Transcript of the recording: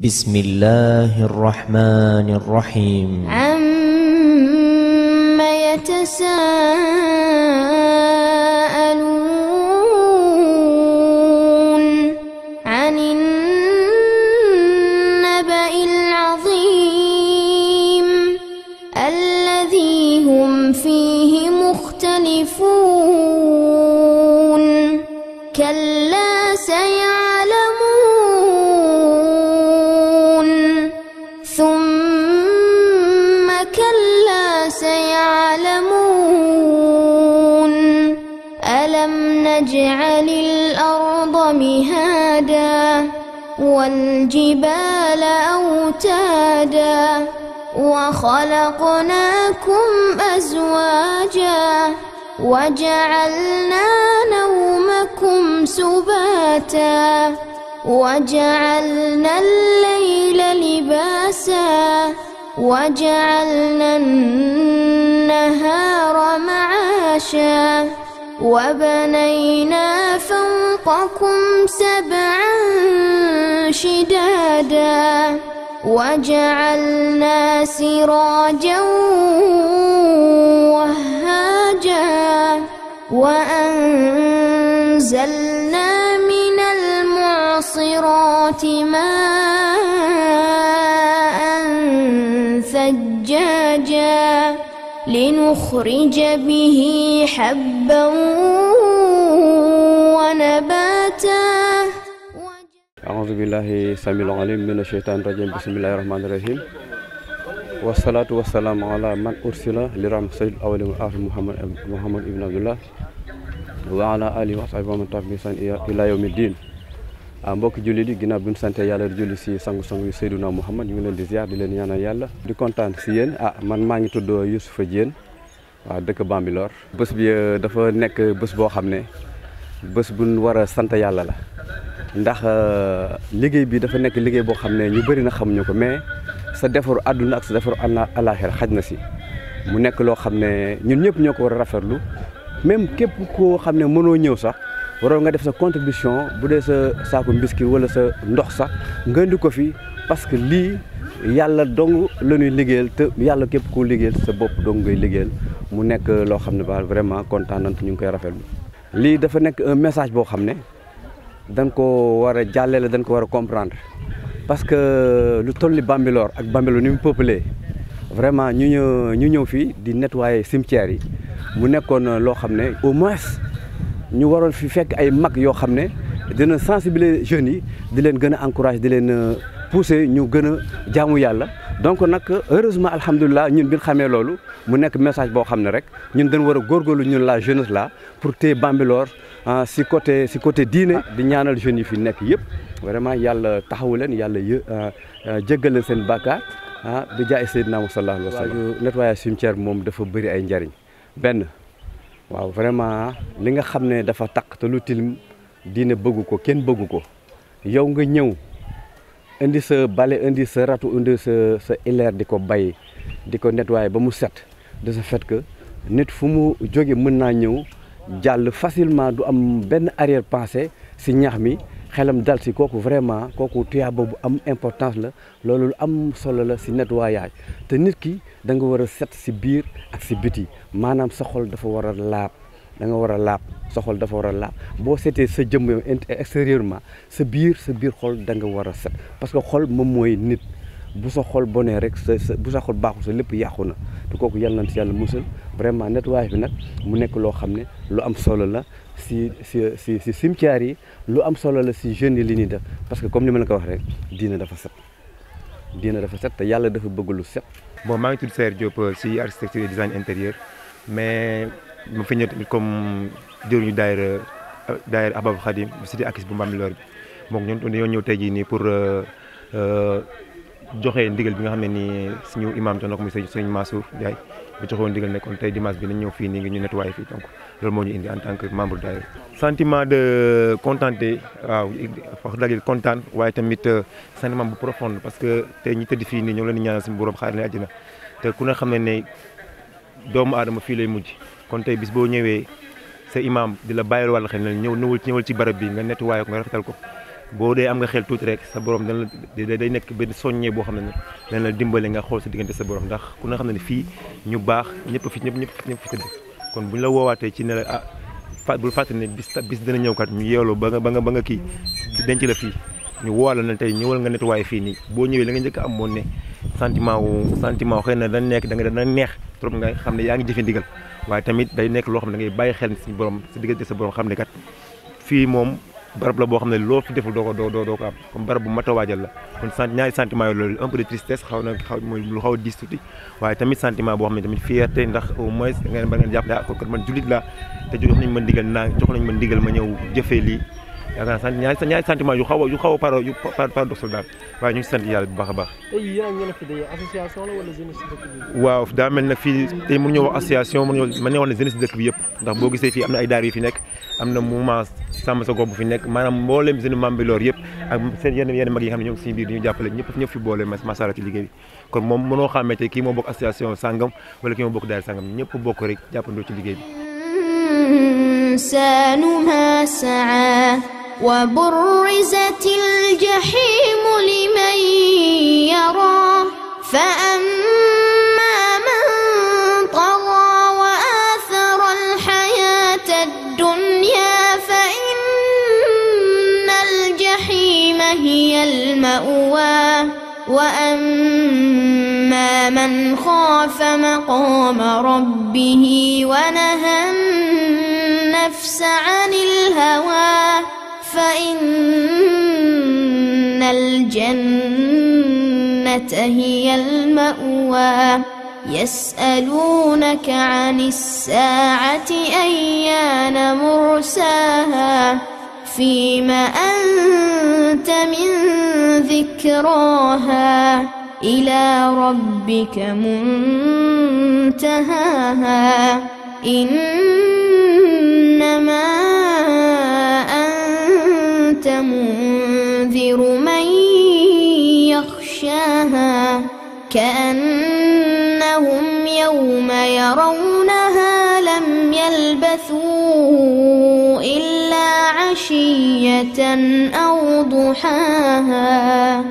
بسم الله الرحمن الرحيم عم يتساءل أوتادا والجبال أوتادا وخلقناكم أزواجا وجعلنا نومكم سباتا وجعلنا الليل لباسا وجعلنا النهار معاشا وبنينا فرقا خلقكم سبعا شدادا وجعلنا سراجا وهاجا وأنزلنا من المعصرات ماء ثجاجا لنخرج به حبا Bismillahirrahmanirrahim. بالله سميع العليم من الشيطان الرجيم بسم الله الرحمن الرحيم والصلاة والسلام على من أرسل لرحمة سيد julli di ginnaaw bi ñu sante julli si sangu-sangu yu Muhammad ñu leen di ziar di leen ñaanal di kontaan si ah man maa ngi tudd Youssoufa Diène waaw dëkk Bambilor bés bi eh, dafa nekk bés boo xam ne bés bu ñu war la ndax euh, liggéey bi dafa nekk liggéey boo xam ne ñu bëri na xamuñu ko mais sa defaru àdduna ak sa defaru àllaaxira xaj na si mu nekk loo xam ne ñun ñëpp ñoo ko war a rafetlu même képp koo xam ne mënoo ñëw sax waroon nga def sa contribution bu dee sa saako mbiski wala sa ndox sax nga indi ko fi parce que lii yàlla dong la nuy liggéeyal te yàlla képp koo liggéeyal sa bopp dong ngay liggéeyal mu nekk loo xam ne baal vraiment kontaan nañ ñu ngi koy rafetlu lii dafa nekk message boo xam ne dan ko war a jàllale dañ ko war a comprendre parce que lu toll ni Bambilor ak Bambilor ni mu peuplé vraiment ñu ñëw ñu ñëw fii di nettoyer cimetière yi mu nekkoon loo xam ne au moins ñu waroon fi fekk ay mag yoo xam ne dina sensibiliser jeunes yi di leen gën a encourager di leen euh, pousser ñu gën a jaamu yàlla donc nak heureusement alhamdulilah ñun bi xamé lolu mu nek message bo xamné rek ñun dañ wara a ñun la jeunesse là pour té Bambilor ah, si côté si côté diiné di ñaanal jeune yi fi nek yépp vraiment yalla taxawu leen yàlla ah, ah, jéggal leen seen bàkkaar ah bi jaay Seydina sallallahu alayhi wasallam sallam nettoyage cimetière bi moom dafa bëri ay ndariñ ben waaw vraiment li nga xamné dafa tak té lutil diiné bëgguko bëgg ko kenn bëgg yow nga ñëw indi sa bale indi sa ratu indi sa sa ileer di ko bay di ko nettoyer ba mu set de ce fait que nit fumu mu mën naa ñëw jàll facilement du am ben arrière pensée si ñax mi xelam dal si koku, vraiment koku tuyaa boobu am importance la loolu am solo la si nettoyage te nit ki da nga set si bir, ak si biti maanaam sa xol dafa war a da nga war a laab soxol dafa war a laab boo seetee sa jëmm extérieurement sa biir sa biir xol da nga war a set parce que xol moom mooy nit bu sa xol bonee rek sa sa bu sa xol baaxul sa lépp yàqu na te kooku yàlla na ci yàlla musal vraiment nettoyage bi nag mu nekk loo xam ne lu am solo la si si si si cimetière yi lu am solo la si jeunes yi li ñuy def parce que comme ni ma la ko wax rek diina dafa set diina dafa set te yàlla dafa bëgg lu set. bon maa ngi tudd Saër euh, si architecture et design intérieur ma fi ñëw tamit comme jëruñu daayira daayira Abab Khadim cité Akis bu Mbambilor bi moom ñun dañoo ñëw tey jii nii pour euh, euh, joxe ndigal bi nga xam suñu imam jono na ko muy sëñ Mansour Ndiaye bu joxoon ndigal ne kon tey dimanche bi nañ ñëw fii nii ngi ñu nettoyé fii donc loolu moo ñu indi en tant que membre daayira sentiment de contenté waaw wax dëgg kontaan waaye tamit euh, sentiment bu profond parce que tey ñi tëdd fii nii ñoo leen ñaanal suñu borom xaar ne te ku ne xam ne doomu aadama fii lay mujj kon tey bis boo ñëwee sa imam di la bàyyil wàll xel ne ñëw ñëwal ñëwal ci barab bi nga nettuwaayoo ko nga rafetal ko boo dee am nga xel tuuti rek sa borom dana la day nekk benn soññee boo xam ne dana la dimbale nga xool sa diggante sa borom ndax ku na xam ne fii ñu baax ñëpp fi ñëpp ñëpp ñëpp fi tëdd kon la woowaatee ci ne la ah fa bul fàttali ne bis dina ñëw kat ñu yeewloo ba nga ba nga ba nga kii denc la fii ñu woola na tey ñëwal nga nettuwaay fii nii boo ñëwee la nga jëkk am moon ne sentiment wu sentiment xëy na dana nekk da nga dana neex trop nga xam ne yaa ngi jëfe ndigal waaye tamit day nekk loo xam ne da ngay bàyyi xel si borom si diggante sa borom xam ne kat fii moom barab la boo xam ne loo fi deful doo ko doo doo ko am comme barab bu mat a waajal la kon sant ñaari sentiment yooyu loolu un peu de tristesse xaw na xaw mooy lu xaw a diis tuuti waaye tamit sentiment boo xam ne tamit fierté ndax au moins da ngeen ba ngeen jàpp ne ah kon kat man jullit laa te jox nañ ma ndigal naa jox nañ ma ndigal ma ñëw jëfee lii yaakaar naa ñaari ñaari sentiment yu xaw a yu xaw a paro yu daal a waaw daa mel nag fii tey mën ñoo wax association mën ñoo mën ñoo wax ne jeunesse dëkk yëpp ndax boo gisee fii am na ay daar yu fi nekk am na ma sàmm sa gox bu fi nekk maanaam mboolem seen Bambilor yëpp ak seen yenn yenn mag yi nga xam ne ñoo ngi si ñu jàppale ñëpp ñëpp fi boole macha allah ci liggéey bi kon moom mënoo xàmmee tey kii moo bokk association sangam wala kii moo bokk daar sàngam ñëpp bokk rek jàppandoo ci liggéey bi وبرزت الجحيم لمن يرى فأما من طغى وآثر الحياة الدنيا فإن الجحيم هي المأوى وأما من خاف مقام ربه وأما هي المأوى يسألونك عن الساعة أيان مرساها فيما أنت من ذكراها إلى ربك منتهاها إنما أنت منذر كأنهم يوم يرونها لم يلبثوا إلا عشية أو ضحاها